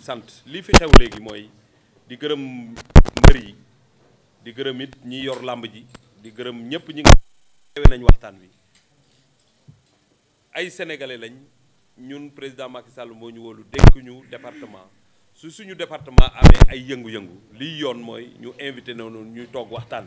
sant li fi xew léegi mooy di gërëm mbër yi di gërëm it ñi yor làmb ji di gërëm ñëpp nañ waxtaan wi ay sénégalais lañ ñun président Macky Sall moo ñu wóolu dénk ñu département su suñu département amee ay yëngu-yëngu liy yoon mooy ñu invité noonu ñuy toog waxtaan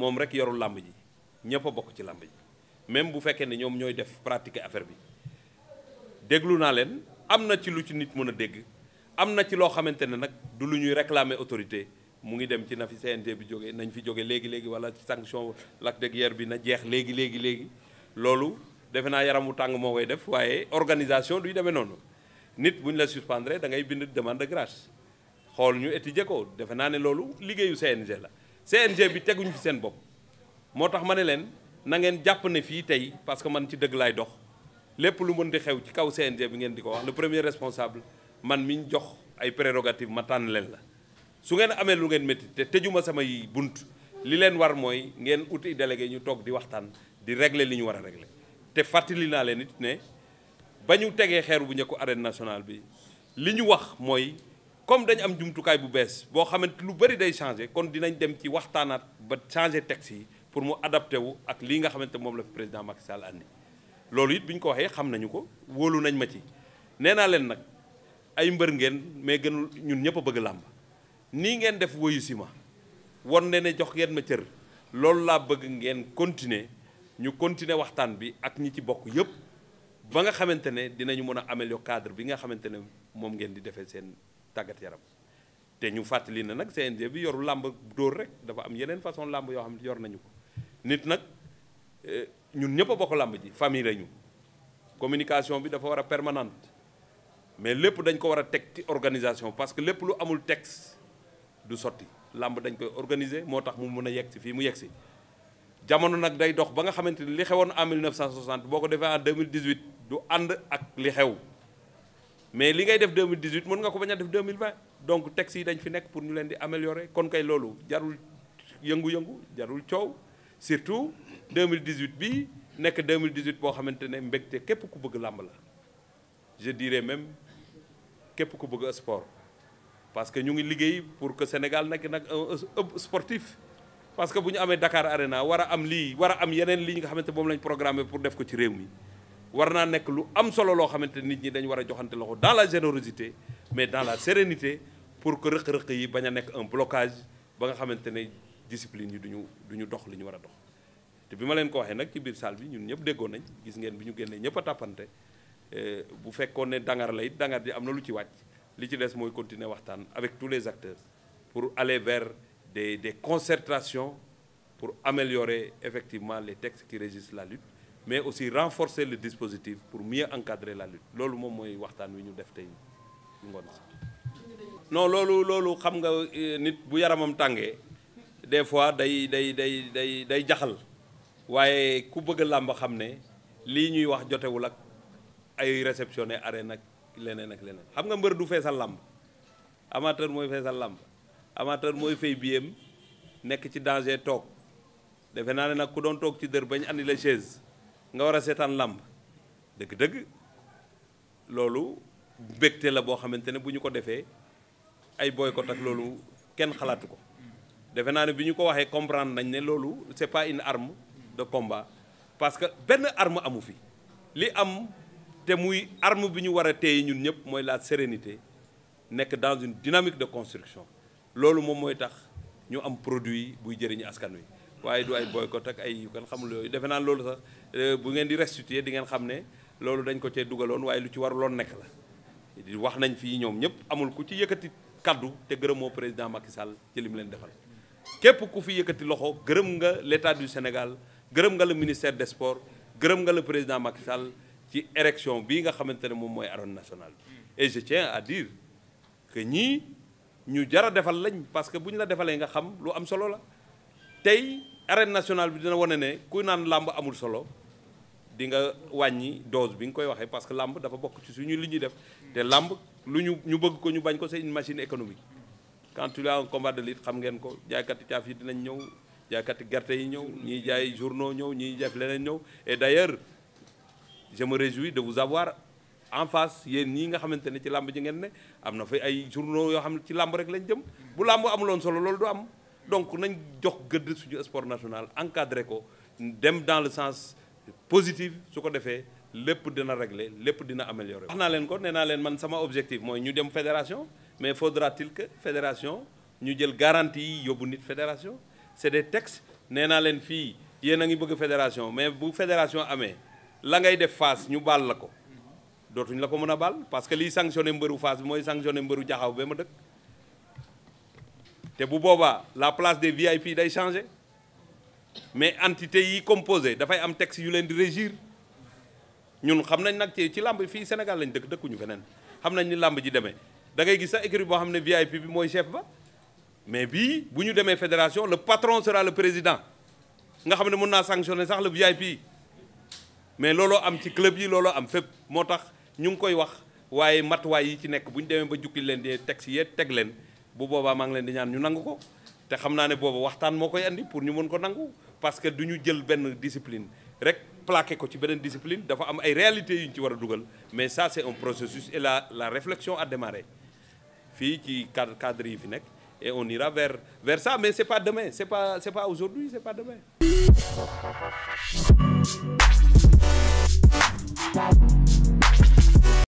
moom rek yoru làmb ji ñëpp bokk ci làmb ji même bu fekkee ne ñoom ñooy def pratique affaire bi déglu naa leen am na ci lu ci nit mun a dégg am na ci loo xamante ne nag du lu ñuy réclamer autorité mu ngi dem ci na fi CNG bi jóge nañ fi jóge léegi léegi wala sanction lak de Guiers bi na jeex léegi léegi léegi loolu defe naa yaramu tàng moo koy def waaye organisation duy demee noonu nit bu ñu la suspendre da ngay bind demande de xool ñu étudier ko defe naa ne loolu liggéeyu CNG la. CNG bi teguñu fi seen bop motax mané len na ngeen japp né fi tay parce que man ci dëgg lay dox lépp lu mën di xew ci kaw CNG bi ngeen diko wax le premier responsable man miñ jox ay prérogative ma tan len la su ngeen amé lu ngeen té te sama yi bunt li len war moy ngeen uti délégué ñu tok di waxtan di régler li ñu wara régler te fatali na len nit ne bañu téggé xéru bu nasional arène nationale bi li ñu wax moy comme dañu am jumtukaay bu bees boo xamante lu bëri day changé kon dinañ dem ci waxtaanaat ba changé texte yi pour mu adapté wu ak lii nga xamante moom la fi président Macky Sall andi loolu it bi ñu ko waxee xam nañu ko wóolu nañ ma ci nee naa leen nag ay mbër ngeen mais gënul ñun ñëpp bëgg làmb nii ngeen def woyu si ma won ne ne jox ngeen ma cër loolu laa bëgg ngeen continuer ñu continuer waxtaan bi ak ñi ci bokk yëpp ba nga xamante ne dinañu mën a améliorer cadre bi nga xamante ne moom ngeen di defee seen tàggat yaram te ñu fàttali na nag CNG bi yoru làmb dóor rek dafa am yeneen façon làmb yoo xam ne yor nañu ko nit nag eh, ñun ñëpp bokk làmb ji famille lañu communication bi dafa war a permanente mais lépp dañ ko war a teg ci organisation parce que lépp lu amul texte du sotti làmb dañ koy organiser moo tax mu mën a yegg si fii mu yegg si jamono nag day dox ba nga xamante ni li xewoon en 1960 boo ko defee en 2018 du ànd ak li xew mais li ngay def 2018 mën nga ko bañ a def 2020 donc texte yi dañ fi nekk pour ñu leen di améliorer kon kay loolu jarul yëngu-yëngu jarul coow surtout mille dix 2018 bi nekk 2018 boo xamante ne mbégte képp ku bëgg làmb la je dirais même képp ku bëgg sport parce que ñu ngi liggéey pour que Sénégal nag nag un sportif parce que bu ñu amee Dakar Arena war a am lii war a am yeneen lii nga xamante moom lañ programmé pour def ko ci réew mi warna nek lu am solo lo xamanteni nit ñi dañ wara joxante loxo dans la générosité mais dans la sérénité pour que rëq-rëq yi baña nek un blocage ba nga xamanteni discipline yi duñu duñu dox li ñu wara dox te bima ma leen ko waxe nak ci bir salle bi ñun ñep déggo nañ gis ngeen bi ñu génnee ñëpp a tàppante eh, bu fekkone ne dangar la it dangar di am na lu ci wacc li ci dess moy continuer waxtaan avec tous les acteurs pour aller vers des des concertations pour améliorer effectivement les textes qui régissent la lutte mais aussi renforcer le dispositif pour mieux encadrer la lutte loolu moom mooy waxtaan wi ñu def tey ngoon non loolu loolu xam nga euh, nit bu yaramam tàngee des fois day day day day day jaxal waaye ku bëgg a làmb xam ne lii ñuy wax jotewul ak ay réceptionné arène ak leneen ak leneen xam nga mbër du feesal làmb amateur mooy feesal làmb amateur mooy fay biem nekk ci danger toog defe naa ne nag ku doon toog ci dër bañ andi la chaise nga war a seetaan làmb dëgg-dëgg loolu mbégte la boo xamante ne bu ñu ko defee ay boycott ak loolu kenn xalaatu ko defe naa ne bi ñu ko waxee comprendre nañ ne loolu c'est pas une arme de combat parce que benn arme amu fi li am te muy arme bi ñu war a téye ñun ñëpp mooy la sérénité nekk dans une dynamique de construction loolu moom mooy tax ñu am produit buy jëriñu askan wi waye du ay boycott ak ay yu kan xamul yoy defe naa loolu sax eh, bu ngeen di restituer di ngeen xam ne dañ ko ci dugalon waye lu ci waruloon nek la di wax nañ fii ñom ñep amul ku ci yëkëti kaddu te mo président Macky Sall ci lim leen defal képp ku fi yëkëti loxo gërëm nga l'état du Sénégal gërëm nga le ministère des sports gërëm nga le président Macky Sall ci érection bi nga xamantene mom moy mooy arène nationale et je tiens à dire que ñi ñu jara defal lañ parce que buñ la nga xam lu am solo la tay arène national bi dina wane ne ku naan làmb amul solo di nga wàññi dose bi nga koy waxee parce que làmb dafa bokk ci suñu li ñuy def te làmb lu ñu ñu bëgg ko ñu bañ ko c'est une machine économique quand tu as un combat de lutte xam ngeen ko jaaykati caaf yi dinañ ñëw jaaykati gerte yi ñëw ñiy jaay journaux ñëw ñi jaay leneen ñëw et d'ailleurs je me de vous avoir en face yéen ñii nga xamante ne ci làmb ji ngeen ne am na fi ay journaux yoo xam ne ci làmb rek lañ jëm bu làmb amuloon solo loolu du am donc nous jox gëdd suñu sport national encadré ko dem dans le sens positif su ko defee lépp dina régler lépp dina améliorer. wax naa encore, ko avons un man sama objectif Nous ñu une fédération mais faudra-t-il que fédération nous jël garantie nous yóbbu nit fédération c'est des textes nous naa leen Il y a une fédération mais bu fédération amee la ngay def face ñu baal la avons dootuñ la ko mën a parce que liy sanctionné mbëru face bi mooy sanctionné sanctions jaxaw ba ma dëkk te bu Boba, la place des VIP day changé mais entité yi composé dafay am texte yu leen di régir ñun xam nañ nag ci làmb fii Sénégal lañ dëkk dëkkuñu feneen xam nañ ni làmb ji demee da ngay gis sax écurie boo xam VIP bi mooy chef ba mais bii bu ñu demee fédération le patron sera le président nga xam ne mën sanctionner sax le VIP mais lolo am ci club yi lolo am fépp motax tax ñu ngi koy wax waaye matway yi ci nek buñu démé ba jukki len di texte si yee len bu boobaa maa ngi leen di ñaan ñu nangu ko te xam naa ne boobu waxtaan moo koy andi pour ñu mën ko nangu parce que du ñu jël benn discipline rek plaqué ko ci beneen discipline dafa am ay réalité yu ñu ci war a dugal mais ça c'est un processus et la la réflexion a démarré fii ci cadre cadre yi fi nekk et on ira vers vers ça mais c'est pas demain c'est pas c'est pas aujourd'hui c'est pas demain